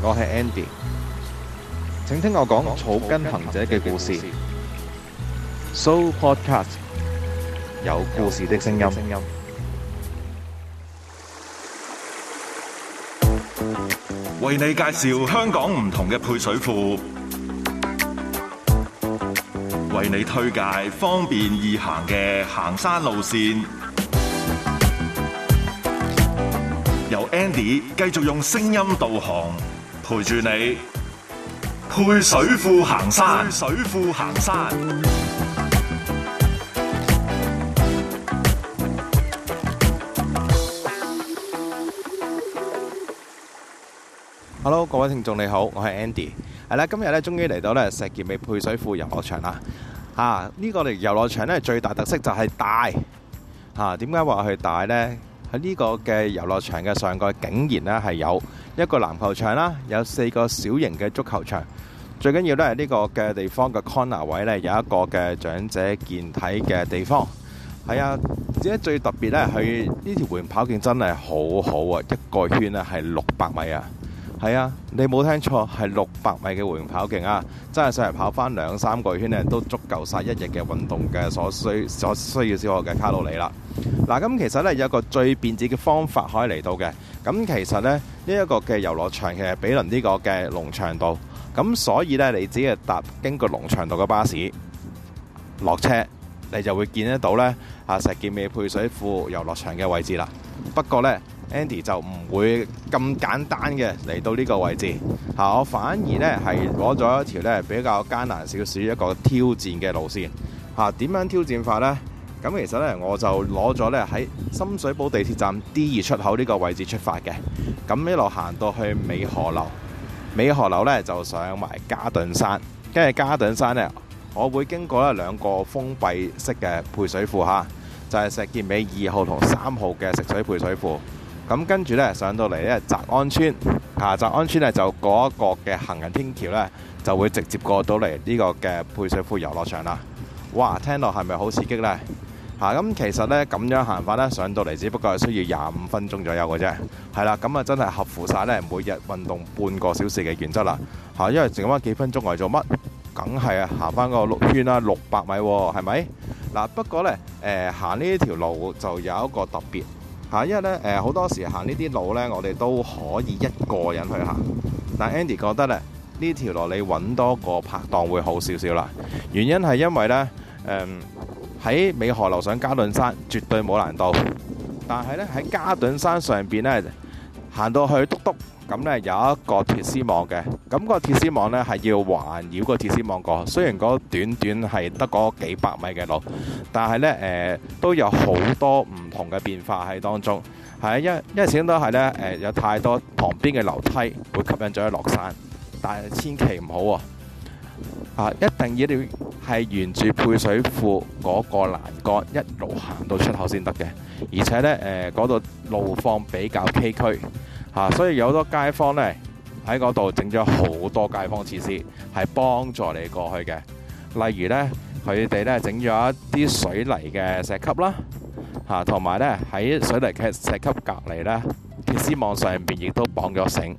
我係 Andy，請聽我講草根行者嘅故事。So Podcast 有故，有故事的聲音，聲音為你介紹香港唔同嘅配水庫，為你推介方便易行嘅行山路線。由 Andy 繼續用聲音導航。陪住你，配水庫行山。配水庫行山。Hello，各位聽眾你好，我係 Andy，係啦，今日咧終於嚟到咧石硤尾配水庫遊樂場啦，吓、啊這個，呢個嚟遊樂場咧最大的特色就係大，吓點解話佢大呢？喺呢個嘅遊樂場嘅上蓋竟然咧係有。一個籃球場啦，有四個小型嘅足球場，最緊要咧係呢個嘅地方嘅 corner 位咧有一個嘅長者健體嘅地方係啊，而且最特別咧，佢呢條緩跑徑真係好好啊，一個圈啊係六百米啊。係啊，你冇聽錯，係六百米嘅回跑徑啊！真係上嚟跑翻兩三個圈呢，都足夠晒一日嘅運動嘅所需所需要消耗嘅卡路里啦。嗱、啊，咁、嗯、其實呢，有一個最便捷嘅方法可以嚟到嘅。咁、嗯、其實呢，呢、這、一個嘅遊樂場其實比毗鄰呢個嘅農場道，咁、嗯、所以呢，你只係搭經過農場道嘅巴士落車，你就會見得到呢啊石硤尾配水庫遊樂場嘅位置啦。不過呢。Andy 就唔會咁簡單嘅嚟到呢個位置嚇，我反而呢，係攞咗一條呢比較艱難少少一個挑戰嘅路線嚇。點樣挑戰法呢？咁其實呢，我就攞咗呢喺深水埗地鐵站 D 二出口呢個位置出發嘅，咁一路行到去美荷樓，美荷樓呢就上埋嘉頓山，跟住嘉頓山呢，我會經過呢兩個封閉式嘅配水庫嚇，就係石硤尾二號同三號嘅食水配水庫。咁跟住呢，上到嚟呢，澤安村澤、啊、安村呢，就嗰一個嘅行人天橋呢，就會直接過到嚟呢個嘅配水庫遊樂場啦。哇，聽落係咪好刺激呢？咁、啊、其實呢，咁樣行法呢，上到嚟只不過係需要廿五分鐘左右嘅啫。係啦，咁啊真係合乎晒呢每日運動半個小時嘅原則啦、啊。因為剩翻幾分鐘為做乜？梗係啊，行翻個六圈啦、啊，六百米喎、啊，係咪？嗱、啊，不過呢，行、呃、呢條路就有一個特別。嚇，因為咧，誒好多時行呢啲路咧，我哋都可以一個人去行。但 Andy 覺得咧，呢條路你揾多個拍檔會好少少啦。原因係因為咧，誒喺美荷樓上嘉頓山絕對冇難度，但係咧喺嘉頓山上邊咧，行到去篤篤咁咧，有一個鐵絲網嘅。咁個鐵絲網咧，係要環繞個鐵絲網過。雖然嗰短短係得嗰幾百米嘅路，但係咧誒都有好多唔～同嘅變化喺當中，係因為因為始終都係咧誒，有太多旁邊嘅樓梯會吸引咗佢落山，但係千祈唔好啊！一定要係沿住配水庫嗰個欄杆一路行到出口先得嘅，而且咧誒嗰度路況比較崎嶇嚇，啊，所以有好多街坊咧喺嗰度整咗好多街坊設施，係幫助你過去嘅，例如咧佢哋咧整咗一啲水泥嘅石級啦。嚇，同埋呢，喺水泥石級隔離呢，鐵絲網上邊，亦都綁咗繩，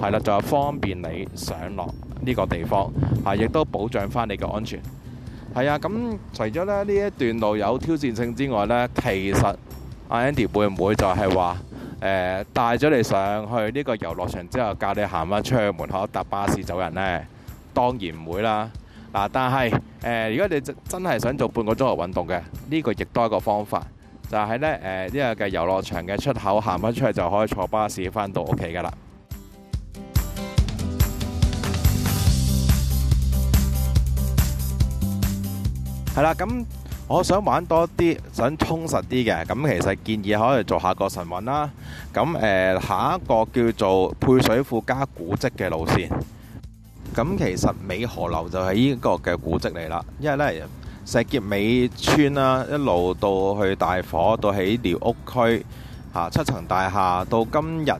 係啦，就方便你上落呢個地方嚇，亦都保障翻你嘅安全。係啊，咁除咗咧呢呢一段路有挑戰性之外呢，其實 Andy 會唔會就係話誒帶咗你上去呢個遊樂場之後，教你行翻出去門口搭巴士走人呢？當然唔會啦嗱，但係誒、呃，如果你真真係想做半個鐘頭運動嘅，呢、呢個亦都係一個方法。就喺呢，誒、呃，呢、這個嘅遊樂場嘅出口行翻出去就可以坐巴士翻到屋企噶啦。係啦，咁我想玩多啲，想充實啲嘅，咁其實建議可以做下個神韻啦。咁誒、呃，下一個叫做配水庫加古蹟嘅路線。咁其實美河流就係呢個嘅古蹟嚟啦，因為呢。石硤尾村啦，一路到去大火，到起寮屋區，嚇七層大廈，到今日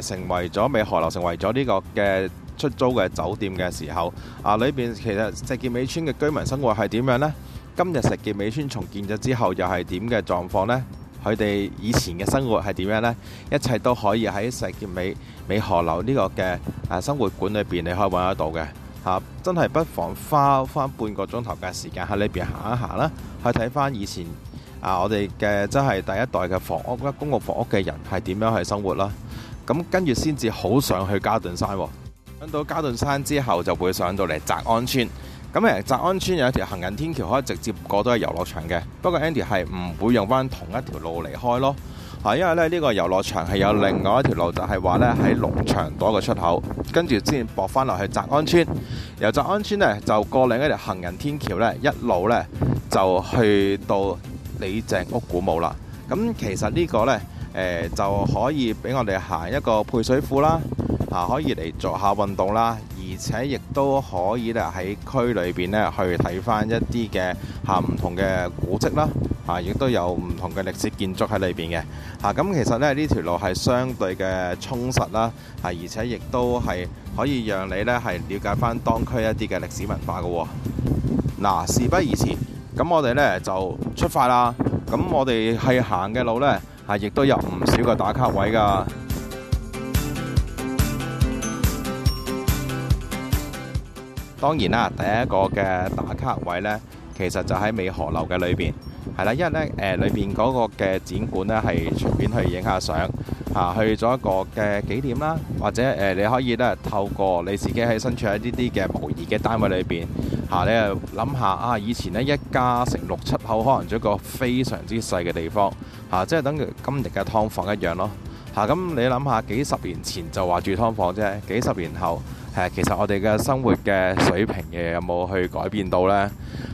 誒成為咗美河流，成為咗呢個嘅出租嘅酒店嘅時候，啊裏邊其實石硤尾村嘅居民生活係點樣呢？今日石硤尾村重建咗之後，又係點嘅狀況呢？佢哋以前嘅生活係點樣呢？一切都可以喺石硤尾美，美河流呢個嘅生活館裏邊，你可以揾得到嘅。啊、真係不妨花翻半個鐘頭嘅時間喺呢邊行一行啦，去睇翻以前啊，我哋嘅真係第一代嘅房屋啦，公共房屋嘅人係點樣去生活啦？咁、啊、跟住先至好想去嘉頓山、哦。上到嘉頓山之後，就會上到嚟澤安村。咁誒，澤安村有一條行人天橋，可以直接過到去遊樂場嘅。不過 Andy 係唔會用翻同一條路離開咯。啊，因為咧呢個遊樂場係有另外一條路，就係話呢喺龍祥道嘅出口，跟住先駁返落去澤安村，由澤安村呢，就過另一條行人天橋呢，一路呢，就去到李鄭屋古墓啦。咁其實呢個呢，誒就可以俾我哋行一個配水庫啦，可以嚟做下運動啦，而且亦都可以咧喺區裏面呢，去睇翻一啲嘅行唔同嘅古蹟啦。也啊，亦都有唔同嘅歷史建築喺裏邊嘅。吓，咁其實咧呢條路係相對嘅充實啦，啊，而且亦都係可以讓你呢係了解翻當區一啲嘅歷史文化嘅。嗱、啊，事不宜遲，咁我哋呢就出發啦。咁我哋係行嘅路呢，係、啊、亦都有唔少嘅打卡位噶。當然啦，第一個嘅打卡位呢，其實就喺美河樓嘅裏邊，係啦，因為呢裏邊嗰個嘅展館呢，係隨便去影下相，嚇、啊、去咗一個嘅紀念啦，或者誒、啊、你可以咧透過你自己喺身處喺呢啲嘅模擬嘅單位裏邊，嚇、啊、你想啊諗下啊以前呢，一家成六七口可能住一個非常之細嘅地方，嚇、啊、即係等於今日嘅劏房一樣咯，嚇、啊、咁你諗下幾十年前就話住劏房啫，幾十年後。其實我哋嘅生活嘅水平嘅有冇去改變到呢？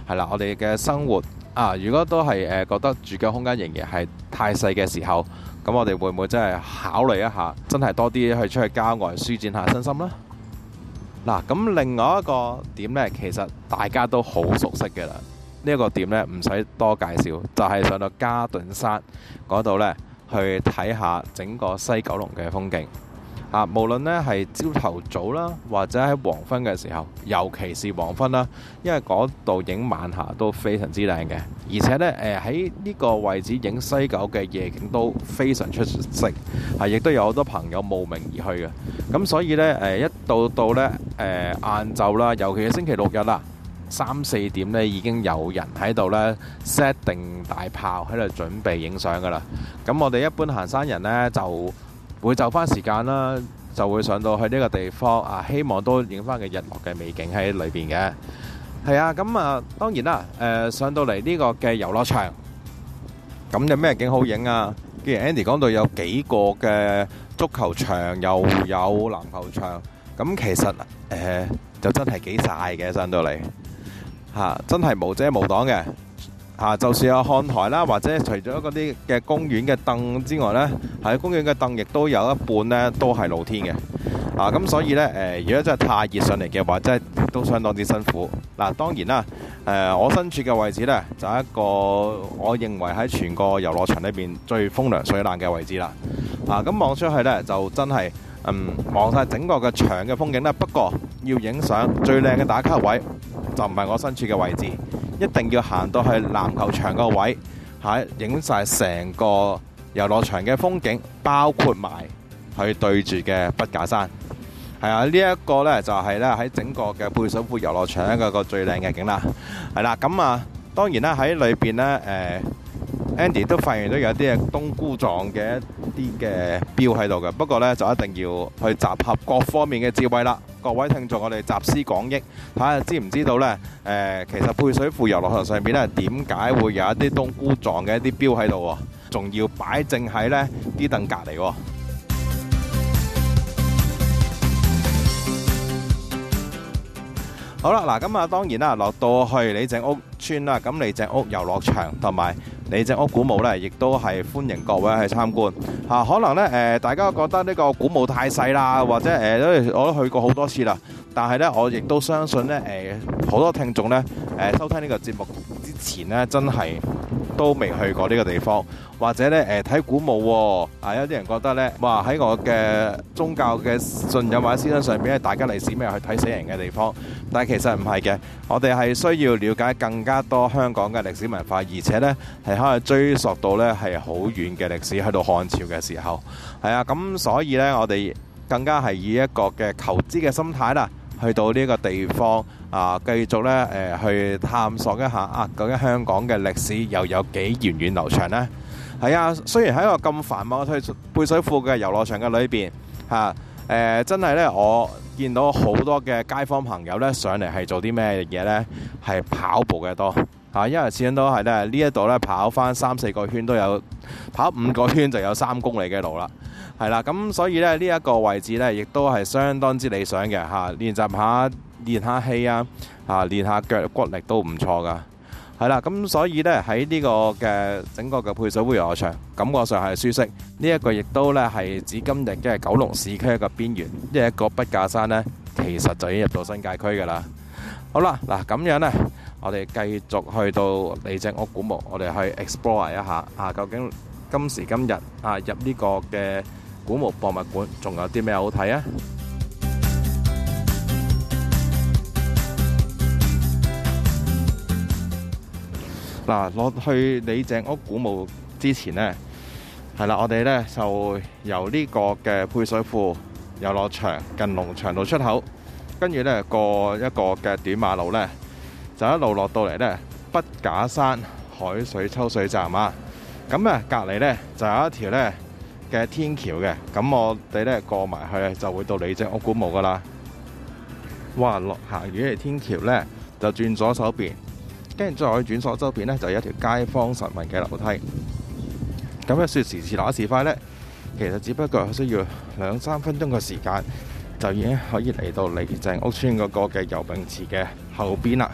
係啦，我哋嘅生活啊，如果都係誒覺得住嘅空間仍然係太細嘅時候，咁我哋會唔會真係考慮一下，真係多啲去出去郊外舒展下身心呢？嗱，咁另外一個點呢，其實大家都好熟悉嘅啦，呢一個點呢，唔使多介紹，就係上到嘉頓山嗰度呢，去睇下整個西九龍嘅風景。啊，無論咧係朝頭早啦，或者喺黃昏嘅時候，尤其是黃昏啦，因為嗰度影晚霞都非常之靚嘅，而且呢，誒喺呢個位置影西九嘅夜景都非常出色，係亦都有好多朋友慕名而去嘅。咁所以呢，誒一到到呢誒晏晝啦，尤其係星期六日啊，三四點呢已經有人喺度呢 set 定大炮喺度準備影相噶啦。咁我哋一般行山人呢就～會就翻時間啦，就會上到去呢個地方啊，希望都影翻個日落嘅美景喺裏邊嘅。係啊，咁啊，當然啦，誒，上到嚟呢個嘅遊樂場，咁有咩景好影啊？既然 Andy 講到有幾個嘅足球場，又有籃球場，咁其實誒，就真係幾晒嘅上到嚟，吓真係無遮無擋嘅。啊，就算有看台啦，或者除咗嗰啲嘅公園嘅凳之外呢，喺公園嘅凳亦都有一半呢都係露天嘅。啊，咁所以呢，誒，如果真係太熱上嚟嘅話，真係都相當之辛苦。嗱，當然啦，誒，我身處嘅位置呢，就係一個我認為喺全個遊樂場裏邊最風涼水冷嘅位置啦。啊，咁望出去呢，就真係嗯望晒整個嘅場嘅風景呢。不過要影相最靚嘅打卡位，就唔係我身處嘅位置。一定要行到去籃球場個位，喺影晒成個遊樂場嘅風景，包括埋佢對住嘅筆架山。係啊，呢、這、一個呢，就係呢喺整個嘅配水庫遊樂場的一個最靚嘅景啦。係啦，咁啊，當然啦，喺裏邊呢，誒 Andy 都發現到有啲嘅冬菇狀嘅一啲嘅標喺度嘅。不過呢，就一定要去集合各方面嘅智慧啦。各位聽眾，我哋集思廣益，睇下知唔知道呢？誒、呃，其實配水庫遊樂場上面呢，點解會有一啲冬菇狀嘅一啲標喺度，仲要擺正喺呢啲凳隔離喎。好啦，嗱，咁啊，當然啦，落到去李鄭屋村啦，咁李鄭屋遊樂場同埋。還有你只屋古墓咧，亦都係歡迎各位去參觀。嚇，可能咧誒，大家覺得呢個古墓太細啦，或者誒，我都去過好多次啦。但係咧，我亦都相信咧誒，好多聽眾咧誒，收聽呢個節目之前咧，真係。都未去過呢個地方，或者呢誒睇、呃、古墓喎、哦，啊有啲人覺得呢，哇喺我嘅宗教嘅信仰或者思想上邊呢，大家歷史咩去睇死人嘅地方，但係其實唔係嘅，我哋係需要了解更加多香港嘅歷史文化，而且呢係可以追溯到呢係好遠嘅歷史，去到漢朝嘅時候，係啊咁，所以呢，我哋更加係以一個嘅求知嘅心態啦，去到呢個地方。啊，繼續咧誒、呃、去探索一下啊，究竟香港嘅歷史又有幾源遠、遠流長呢？係啊，雖然喺一個咁繁忙嘅背水庫嘅遊樂場嘅裏邊嚇誒，真係咧我見到好多嘅街坊朋友咧上嚟係做啲咩嘢呢？係跑步嘅多嚇、啊，因為始終都係咧呢一度咧跑翻三四個圈都有，跑五個圈就有三公里嘅路啦。係啦，咁所以咧呢一、呢個位置咧亦都係相當之理想嘅嚇、啊，練習下。練下氣啊，吓練下腳骨力都唔錯噶，係啦，咁所以咧喺呢個嘅整個嘅配水會遊樂場，感覺上係舒適。呢一個亦都咧係指今日即係九龍市區嘅邊緣，即係過筆架山咧，其實就已經入到新界區噶啦。好啦，嗱咁樣咧，我哋繼續去到李鄭屋古墓，我哋去 explore 一下啊，究竟今時今日啊入呢個嘅古墓博物館，仲有啲咩好睇啊？嗱，落去李鄭屋古墓之前呢，係啦，我哋呢就由呢個嘅配水庫遊樂場近農場道出口，跟住呢過一個嘅短馬路呢，就一路落到嚟呢筆架山海水抽水站啊！咁啊，隔籬呢就有一條呢嘅天橋嘅，咁我哋呢過埋去就會到李鄭屋古墓噶啦。哇，落下雨天橋呢，就轉左手邊。跟住再轉左周邊呢就有一條街坊實民嘅樓梯。咁一説時遲那時快呢，其實只不過需要兩三分鐘嘅時間，就已經可以嚟到李鄭屋村嗰個嘅游泳池嘅後邊啦。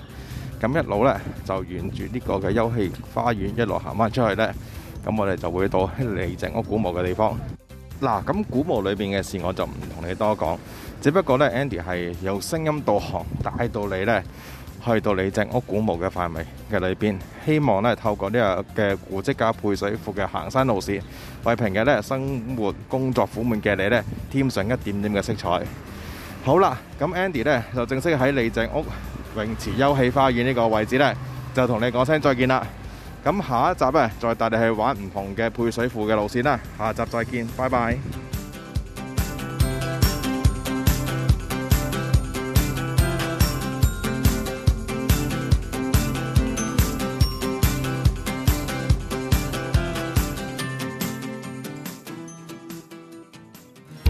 咁一路呢，就沿住呢個嘅休憩花園一路行翻出去呢。咁我哋就會到李鄭屋古墓嘅地方。嗱，咁古墓裏邊嘅事我就唔同你多講，只不過呢 Andy 係由聲音導航帶到你呢。去到李鄭屋古墓嘅範圍嘅裏邊，希望咧透過呢個嘅古蹟加配水庫嘅行山路線，為平日咧生活工作苦悶嘅你咧添上一點點嘅色彩。好啦，咁 Andy 咧就正式喺李鄭屋泳池休憩花園呢個位置咧，就同你講聲再見啦。咁下一集咧再帶你去玩唔同嘅配水庫嘅路線啦。下集再見，拜拜。